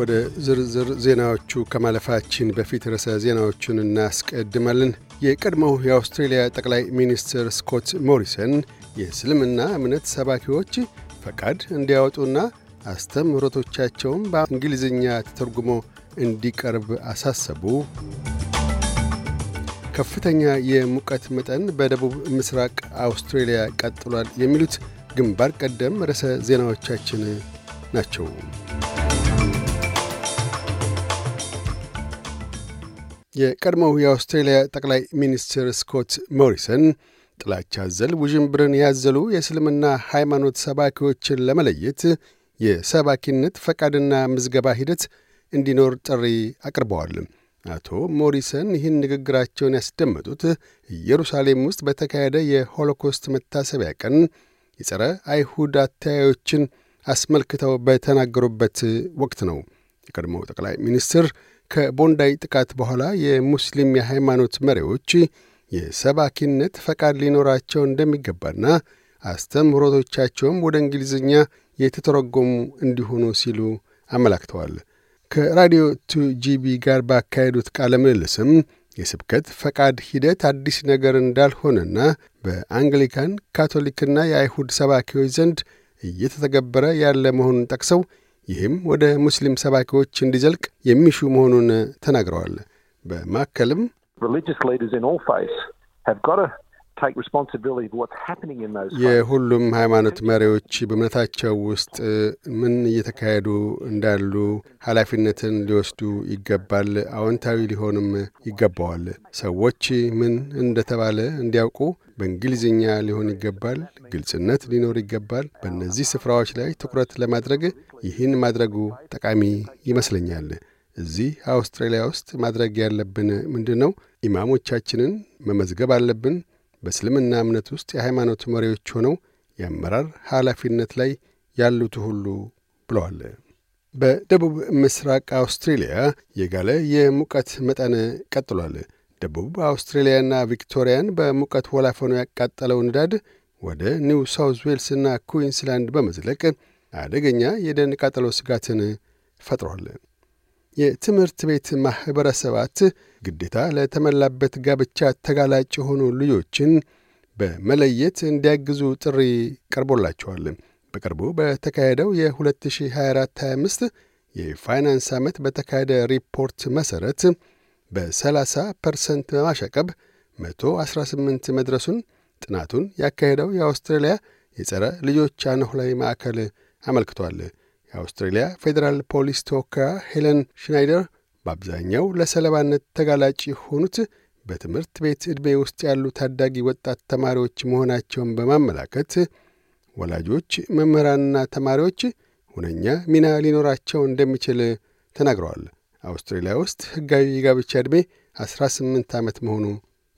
ወደ ዝርዝር ዜናዎቹ ከማለፋችን በፊት ርዕሰ ዜናዎቹን እናስቀድማለን። የቀድሞው የአውስትሬልያ ጠቅላይ ሚኒስትር ስኮት ሞሪሰን የእስልምና እምነት ሰባኪዎች ፈቃድ እንዲያወጡና አስተምህሮቶቻቸውም በእንግሊዝኛ ተተርጉሞ እንዲቀርብ አሳሰቡ። ከፍተኛ የሙቀት መጠን በደቡብ ምስራቅ አውስትሬልያ ቀጥሏል። የሚሉት ግንባር ቀደም ርዕሰ ዜናዎቻችን ናቸው። የቀድሞው የአውስትሬልያ ጠቅላይ ሚኒስትር ስኮት ሞሪሰን ጥላቻ አዘል ውዥንብርን ያዘሉ የእስልምና ሃይማኖት ሰባኪዎችን ለመለየት የሰባኪነት ፈቃድና ምዝገባ ሂደት እንዲኖር ጥሪ አቅርበዋል። አቶ ሞሪሰን ይህን ንግግራቸውን ያስደመጡት ኢየሩሳሌም ውስጥ በተካሄደ የሆሎኮስት መታሰቢያ ቀን የጸረ አይሁድ አተያዮችን አስመልክተው በተናገሩበት ወቅት ነው። የቀድሞው ጠቅላይ ሚኒስትር ከቦንዳይ ጥቃት በኋላ የሙስሊም የሃይማኖት መሪዎች የሰባኪነት ፈቃድ ሊኖራቸው እንደሚገባና አስተምህሮቶቻቸውም ወደ እንግሊዝኛ የተተረጎሙ እንዲሆኑ ሲሉ አመላክተዋል። ከራዲዮ ቱጂቢ ጋር ባካሄዱት ቃለ ምልልስም የስብከት ፈቃድ ሂደት አዲስ ነገር እንዳልሆነና በአንግሊካን ካቶሊክና የአይሁድ ሰባኪዎች ዘንድ እየተተገበረ ያለ መሆኑን ጠቅሰው ይህም ወደ ሙስሊም ሰባኪዎች እንዲዘልቅ የሚሹ መሆኑን ተናግረዋል። በማከልም የሁሉም ሃይማኖት መሪዎች በእምነታቸው ውስጥ uh, ምን እየተካሄዱ እንዳሉ ኃላፊነትን ሊወስዱ ይገባል። አዎንታዊ ሊሆንም ይገባዋል። ሰዎች ምን እንደተባለ እንዲያውቁ በእንግሊዝኛ ሊሆን ይገባል። ግልጽነት ሊኖር ይገባል። በእነዚህ ስፍራዎች ላይ ትኩረት ለማድረግ ይህን ማድረጉ ጠቃሚ ይመስለኛል። እዚህ አውስትራሊያ ውስጥ ማድረግ ያለብን ምንድን ነው? ኢማሞቻችንን መመዝገብ አለብን። በእስልምና እምነት ውስጥ የሃይማኖት መሪዎች ሆነው የአመራር ኃላፊነት ላይ ያሉት ሁሉ ብለዋል። በደቡብ ምስራቅ አውስትሬልያ የጋለ የሙቀት መጠን ቀጥሏል። ደቡብ አውስትሬልያና ቪክቶሪያን በሙቀት ወላፈኑ ያቃጠለው ንዳድ ወደ ኒው ሳውዝ ዌልስና ኩዊንስላንድ በመዝለቅ አደገኛ የደን ቃጠሎ ስጋትን ፈጥሯል። የትምህርት ቤት ማኅበረሰባት ግዴታ ለተሞላበት ጋብቻ ተጋላጭ የሆኑ ልጆችን በመለየት እንዲያግዙ ጥሪ ቀርቦላቸዋል። በቅርቡ በተካሄደው የ2024/25 የፋይናንስ ዓመት በተካሄደ ሪፖርት መሠረት በ30 ፐርሰንት በማሻቀብ 118 መድረሱን ጥናቱን ያካሄደው የአውስትራሊያ የጸረ ልጆች አነሁ ማዕከል አመልክቷል። የአውስትሬልያ ፌዴራል ፖሊስ ተወካያ ሄለን ሽናይደር በአብዛኛው ለሰለባነት ተጋላጭ የሆኑት በትምህርት ቤት ዕድሜ ውስጥ ያሉ ታዳጊ ወጣት ተማሪዎች መሆናቸውን በማመላከት ወላጆች፣ መምህራንና ተማሪዎች ሁነኛ ሚና ሊኖራቸው እንደሚችል ተናግረዋል። አውስትሬልያ ውስጥ ሕጋዊ የጋብቻ ዕድሜ 18 ዓመት መሆኑ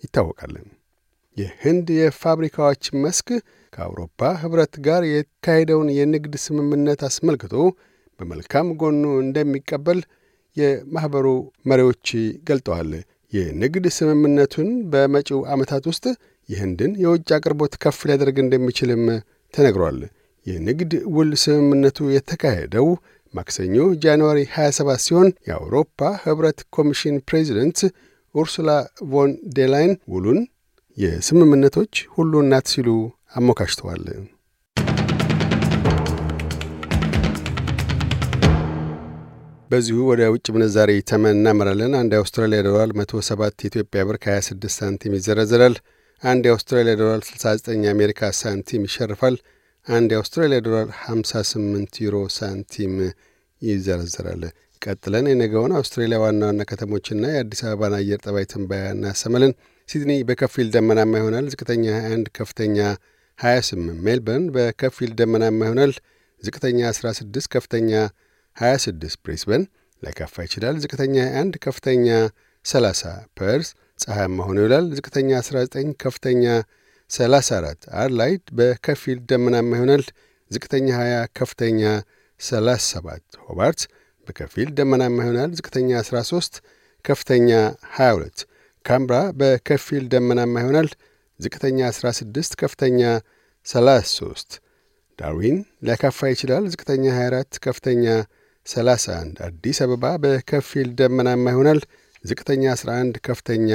ይታወቃል። የህንድ የፋብሪካዎች መስክ ከአውሮፓ ህብረት ጋር የተካሄደውን የንግድ ስምምነት አስመልክቶ በመልካም ጎኑ እንደሚቀበል የማኅበሩ መሪዎች ገልጠዋል። የንግድ ስምምነቱን በመጪው ዓመታት ውስጥ የህንድን የውጭ አቅርቦት ከፍ ሊያደርግ እንደሚችልም ተነግሯል። የንግድ ውል ስምምነቱ የተካሄደው ማክሰኞ ጃንዋሪ 27 ሲሆን የአውሮፓ ህብረት ኮሚሽን ፕሬዚደንት ኡርሱላ ቮን ዴላይን ውሉን የስምምነቶች ሁሉ እናት ሲሉ አሞካሽተዋል። በዚሁ ወደ ውጭ ምንዛሪ ተመን እናመራለን። አንድ የአውስትራሊያ ዶላር 107 የኢትዮጵያ ብር ከ26 ሳንቲም ይዘረዘራል። አንድ የአውስትራሊያ ዶላር 69 የአሜሪካ ሳንቲም ይሸርፋል። አንድ የአውስትራሊያ ዶላር 58 ዩሮ ሳንቲም ይዘረዘራል። ቀጥለን የነገውን አውስትራሊያ ዋና ዋና ከተሞችና የአዲስ አበባን አየር ጠባይ ትንበያ እናሰማለን። ሲድኒ በከፊል ደመናማ ይሆናል። ዝቅተኛ 21፣ ከፍተኛ 28። ሜልበርን በከፊል ደመናማ ይሆናል። ዝቅተኛ 16፣ ከፍተኛ 26። ብሪስበን ሊያካፋ ይችላል። ዝቅተኛ 21፣ ከፍተኛ 30። ፐርስ ፀሐያማ ሆኖ ይውላል። ዝቅተኛ 19፣ ከፍተኛ 34። አድላይድ በከፊል ደመናማ ይሆናል። ዝቅተኛ 20፣ ከፍተኛ 37። ሆባርት በከፊል ደመናማ ይሆናል። ዝቅተኛ 13፣ ከፍተኛ 22። ካምብራ በከፊል ደመናማ ይሆናል። ዝቅተኛ 16፣ ከፍተኛ 33። ዳርዊን ሊያካፋ ይችላል። ዝቅተኛ 24፣ ከፍተኛ 31። አዲስ አበባ በከፊል ደመናማ ይሆናል። ዝቅተኛ 11፣ ከፍተኛ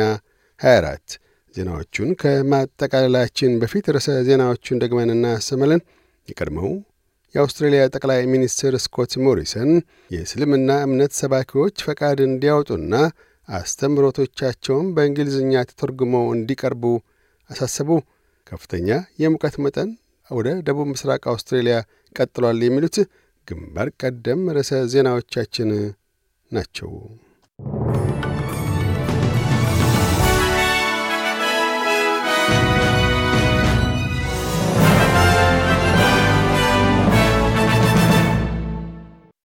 24። ዜናዎቹን ከማጠቃለላችን በፊት ርዕሰ ዜናዎቹን ደግመን እናሰማለን። የቀድሞው የአውስትሬልያ ጠቅላይ ሚኒስትር ስኮት ሞሪሰን የእስልምና እምነት ሰባኪዎች ፈቃድ እንዲያወጡና አስተምሮቶቻቸውን በእንግሊዝኛ ተተርጉመው እንዲቀርቡ አሳሰቡ። ከፍተኛ የሙቀት መጠን ወደ ደቡብ ምስራቅ አውስትሬልያ ቀጥሏል። የሚሉት ግንባር ቀደም ርዕሰ ዜናዎቻችን ናቸው።